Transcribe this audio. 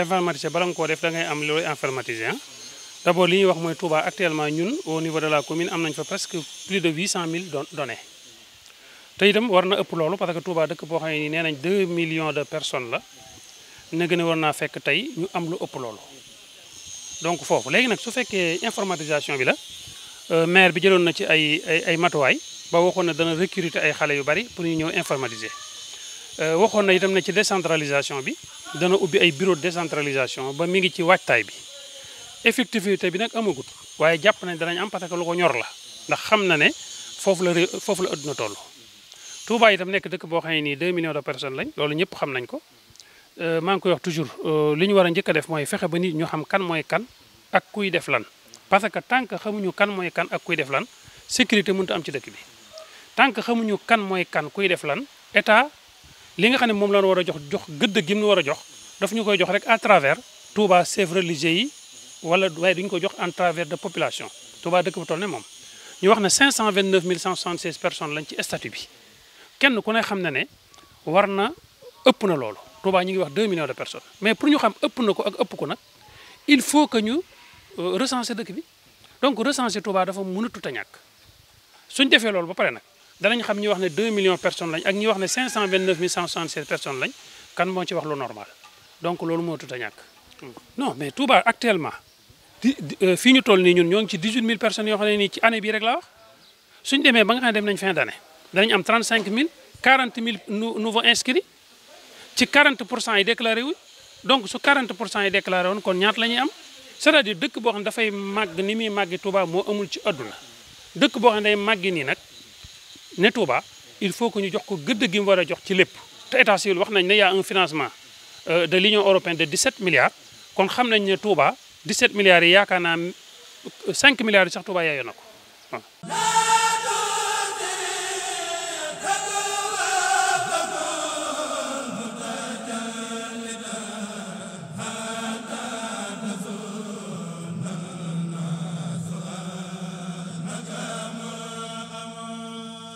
informatisé bala nga koo def da ngay am looy informatisé ah d' li ñuy wax mooy Touba actuellement ñun au niveau de la commune am nañ fa presque plus de 800000 données te itam war na ëpp loolu parce que Touba dëkk boo xam ne nii nee nañ 2 millions de personnes la na gën a war naa fekk tey ñu am lu ëpp loolu donc foofu léegi nag su fekkee informatisation bi la euh, maire bi jëloon na ci ay ay matuwaay ba waxoon na dana recruter ay xale yu bari pour ñu ñëw informatiser euh, waxoon na itam ne ci décentralisation bi dana ubbi ay bureau de décentralisation ba mi ngi ci waajtaay bi effectivité bi nag amagut waaye jàpp nañ danañ am parce que lu ko ñor la ndax xam na ne foofu la foofu la adduna toll Touba itam nekk dëkk boo xam ne nii 2 millions de personnes lañ loolu ñëpp xam nañ ko euh, maa ngi koy wax toujours euh, li ñu war a njëkk a def mooy fexe ba nit ñu xam kan mooy kan ak kuy def lan parce que tant que xamuñu kan mooy kan ak kuy def lan sécurité mënut am ci dëkk bi tant que xamuñu kan mooy kan kuy def lan état li nga xam ne moom la war a jox jox gëdd gi mu war a jox daf ñu koy jox rek à travers Touba chef religieux yi wala waaye duñu ko jox en travers de population Touba dëkk bu toll moom ñu wax ne 529 176 personnes lañ ci statut bi kenn ku ne xam na ne war na ëpp na loolu Touba ñu ngi wax 2 millions de personnes mais pour ñu xam ëpp na ko ak ëpp ko nag il faut que ñu euh, recenser dëkk bi donc recenser Touba dafa mënatu ta ñàkk suñ defee loolu ba pare nag danañ xam ñi wax ne 2 millions personnes lañ ak ñi wax ne 529 167 personnes lañ kan moo ci wax lu normal donc loolu moo tuta ñàkk. non mais Touba actuellement di euh, fii ñu toll nii ñun ñoo ngi ci 18000 personnes yoo xam ne nii ci année bii rek laa wax suñ demee ba nga xam ne dem nañ fin d' année danañ am mil 35000 40000 nouveaux inscrits ci 40 pour cent yi déclaré wuñ donc su 40 pour cent yi déclaré woon kon ñaata la am c' est dire dëkk boo xam ne dafay màgg ni muy màggi Touba moo amul ci àdduna dëkk boo xam ne day nii nag. ne Touba il faut que ñu jox ko gëdd gi mu war a jox ci lépp te état civil wax nañ ne y a un financement euh, de l'Union européenne de 17 milliards kon xam nañ ne Touba 17 milliards yi yaakaar naa 5 euh, milliards yi sax Touba yaayoo na ko